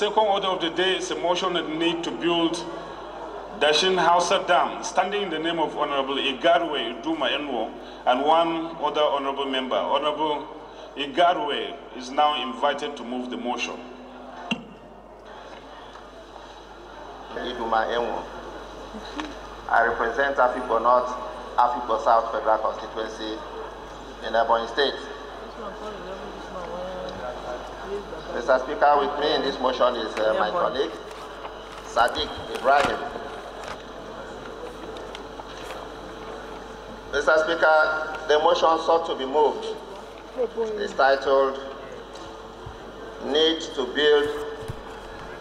second order of the day is a motion that need to build Dashin Hausa Dam, standing in the name of Honorable Igarwe Duma Enwo and one other honorable member. Honorable Igarwe is now invited to move the motion. Iduma Enwo. I represent Afiko North, Afiko South Federal Constituency in Ebony State. Mr. Speaker, with me in this motion is uh, my colleague, Sadiq Ibrahim. Mr. Speaker, the motion sought to be moved is titled Need to Build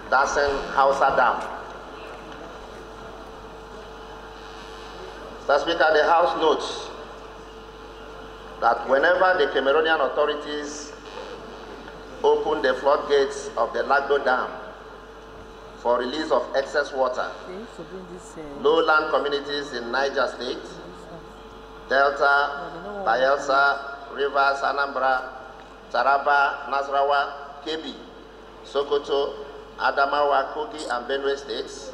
Dasen Hausa Dam. Mr. Speaker, the House notes that whenever the Cameroonian authorities open the floodgates of the Lago Dam for release of excess water. Uh, Lowland communities in Niger State, Delta, Bayelsa, Rivers, Anambra, Taraba, Nasrawa, Kebi, Sokoto, Adamawa, Kogi, and Benue states,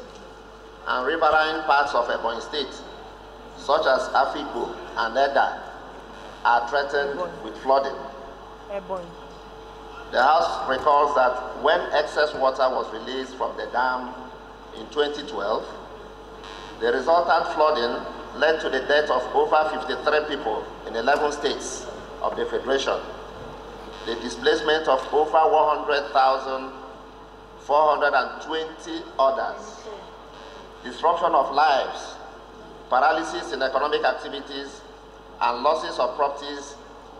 and riverine parts of Ebony state, such as Afikpo and Eda, are threatened with flooding. Ebony. The House recalls that when excess water was released from the dam in 2012, the resultant flooding led to the death of over 53 people in 11 states of the Federation, the displacement of over 100,420 others, disruption of lives, paralysis in economic activities, and losses of properties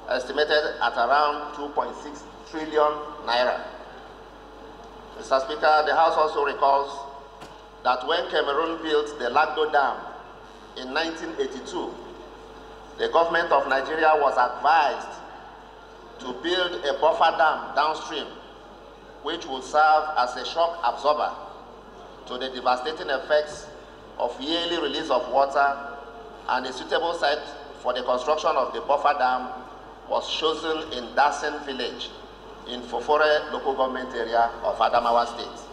estimated at around 2.6 trillion naira. Mr. Speaker, the House also recalls that when Cameroon built the Lagdo Dam in 1982, the government of Nigeria was advised to build a buffer dam downstream, which would serve as a shock absorber to the devastating effects of yearly release of water and a suitable site for the construction of the buffer dam was chosen in Dasen village in Fofore local government area of Adamawa State.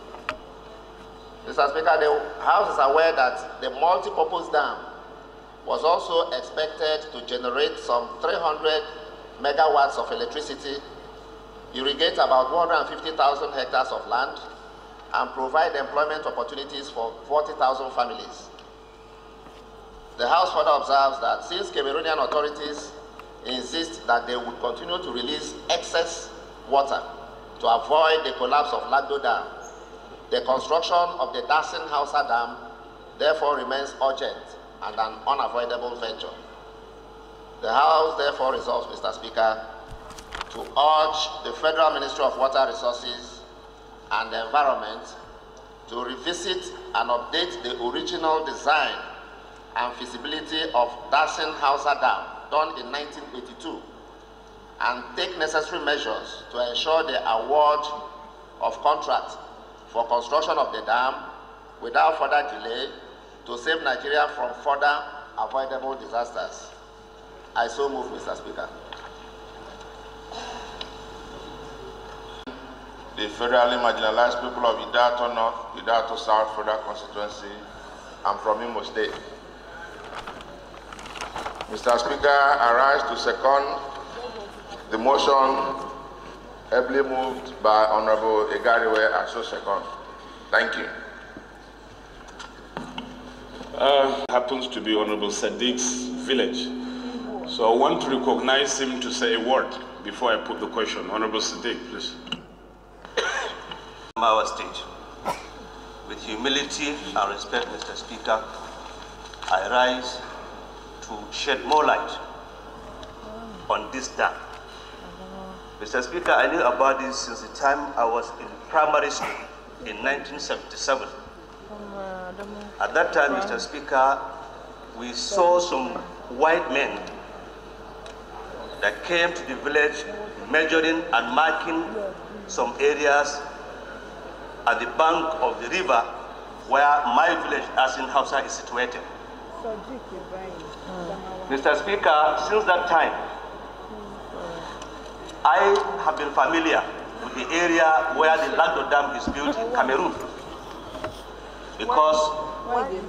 Mr. Speaker, the House is aware that the multi-purpose dam was also expected to generate some 300 megawatts of electricity, irrigate about 150,000 hectares of land, and provide employment opportunities for 40,000 families. The House further observes that since Cameroonian authorities insist that they would continue to release excess water to avoid the collapse of Lagdo Dam. The construction of the Dasin Hausa Dam therefore remains urgent and an unavoidable venture. The House therefore resolves, Mr. Speaker, to urge the Federal Ministry of Water Resources and the Environment to revisit and update the original design and feasibility of Dasin Hausa Dam done in 1982 and take necessary measures to ensure the award of contracts for construction of the dam without further delay to save Nigeria from further avoidable disasters. I so move, Mr. Speaker. The federally marginalized people of Idato North, Idato South Federal Constituency, and from Imo State. Mr. Speaker, I rise to second the motion ably moved by Honorable Igariwe and second. Thank you. Uh, happens to be Honorable Sadiq's village. So I want to recognize him to say a word before I put the question. Honorable Sadiq, please. From our stage, with humility and respect, Mr. Speaker, I rise to shed more light on this dark Mr. Speaker, I knew about this since the time I was in primary school in 1977. At that time, Mr. Speaker, we saw some white men that came to the village measuring and marking some areas at the bank of the river where my village, as in Hausa, is situated. Mr. Speaker, since that time, I have been familiar with the area where the Lando Dam is built in Cameroon because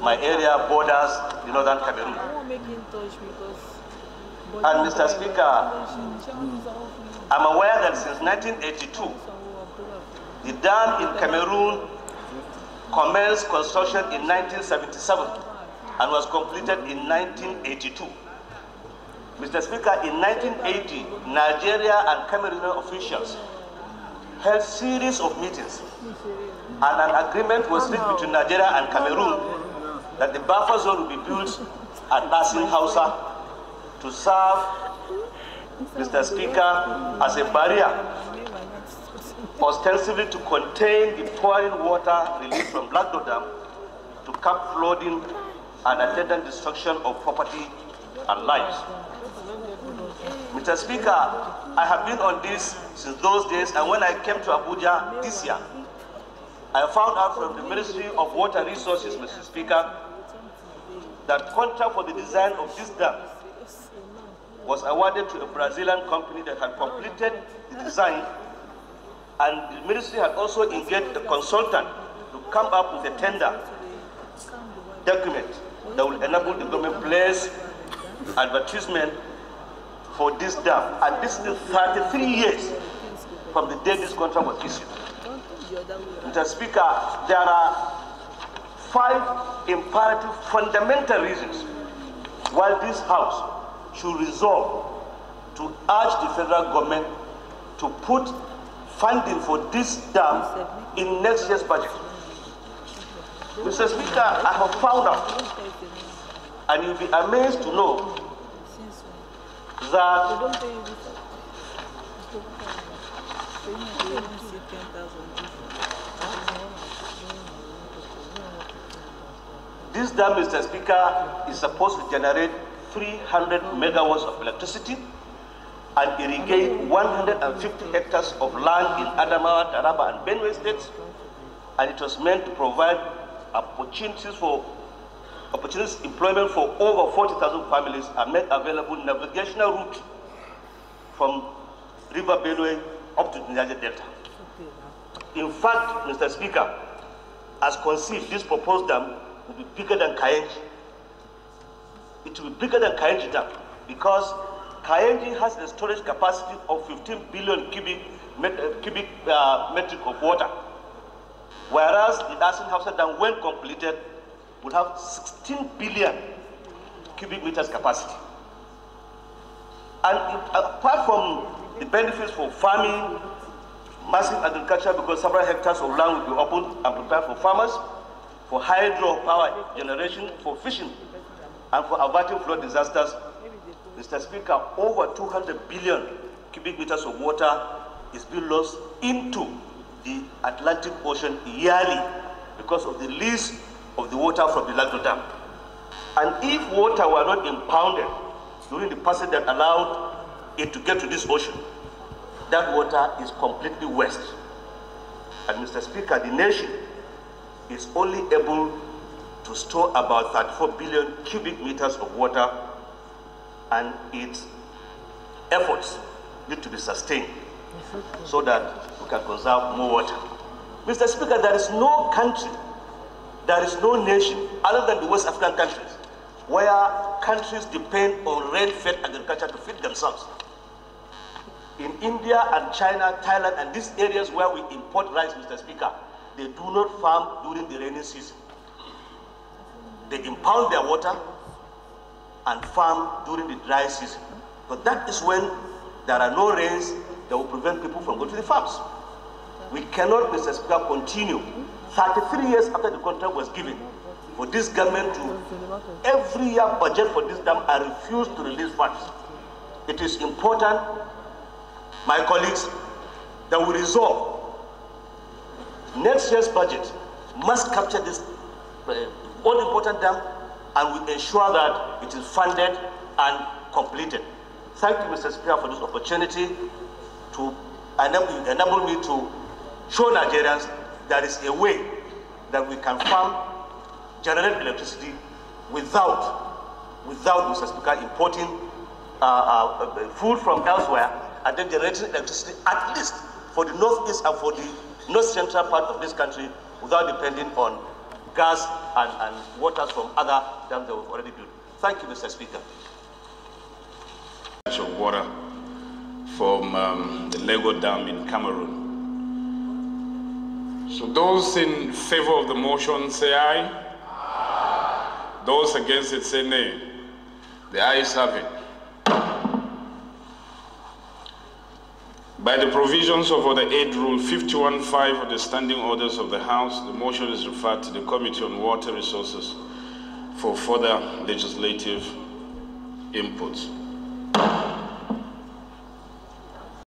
my area borders the northern Cameroon. And Mr. Speaker, I'm aware that since 1982, the dam in Cameroon commenced construction in 1977 and was completed in 1982. Mr. Speaker, in 1980, Nigeria and Cameroon officials held series of meetings and an agreement was reached between Nigeria and Cameroon that the buffer zone would be built at Basin Hausa to serve, Mr. Speaker, as a barrier ostensibly to contain the pouring water released from Black Dam to cap flooding and attendant destruction of property and lives. Mr. Speaker, I have been on this since those days, and when I came to Abuja this year, I found out from the Ministry of Water Resources, Mr. Speaker, that contract for the design of this dam was awarded to a Brazilian company that had completed the design, and the ministry had also engaged a consultant to come up with a tender document that will enable the government place advertisement for this dam. And this is 33 years from the day this contract was issued. Mr. Speaker, there are five imperative fundamental reasons why this House should resolve to urge the federal government to put funding for this dam in next year's budget. Mr. Speaker, I have found out, and you'll be amazed to know this dam, Mr. Speaker, is supposed to generate 300 megawatts of electricity and irrigate 150 hectares of land in Adamawa, Taraba, and Benue states. And it was meant to provide opportunities for Opportunities employment for over 40,000 families are made available navigational route from River Benue up to the Niger Delta. In fact, Mr. Speaker, as conceived, this proposed dam will be bigger than Kayenji. It will be bigger than Kayenji Dam because Kayenji has a storage capacity of 15 billion cubic, uh, cubic uh, metric of water, whereas the Dasin Hausa Dam, when completed, would have 16 billion cubic meters capacity. And apart from the benefits for farming, massive agriculture because several hectares of land will be opened and prepared for farmers, for hydropower generation, for fishing, and for averting flood disasters, Mr. Speaker, over 200 billion cubic meters of water is being lost into the Atlantic Ocean yearly because of the least of the water from the Lagdo Dam. And if water were not impounded during the passage that allowed it to get to this ocean, that water is completely wasted. And Mr. Speaker, the nation is only able to store about 34 billion cubic meters of water and its efforts need to be sustained so that we can conserve more water. Mr. Speaker, there is no country there is no nation other than the West African countries where countries depend on rain-fed agriculture to feed themselves. In India and China, Thailand, and these areas where we import rice, Mr. Speaker, they do not farm during the rainy season. They impound their water and farm during the dry season. But that is when there are no rains that will prevent people from going to the farms. We cannot, Mr. Speaker, continue 33 years after the contract was given for this government to every year budget for this dam, I refuse to release funds. It is important, my colleagues, that we resolve next year's budget must capture this all-important uh, dam and we ensure that it is funded and completed. Thank you, Mr. Speaker, for this opportunity to enable me to show Nigerians there is a way that we can farm, generate electricity without, without Mr. Speaker, importing uh, uh, uh, food from elsewhere and then generating electricity at least for the northeast and for the north central part of this country without depending on gas and, and waters from other dams that we've already built. Thank you, Mr. Speaker. Of water from um, the Lego Dam in Cameroon so those in favor of the motion say aye. aye. Those against it say nay. The ayes have it. By the provisions of Order 8 Rule 51.5 of the Standing Orders of the House, the motion is referred to the Committee on Water Resources for further legislative inputs.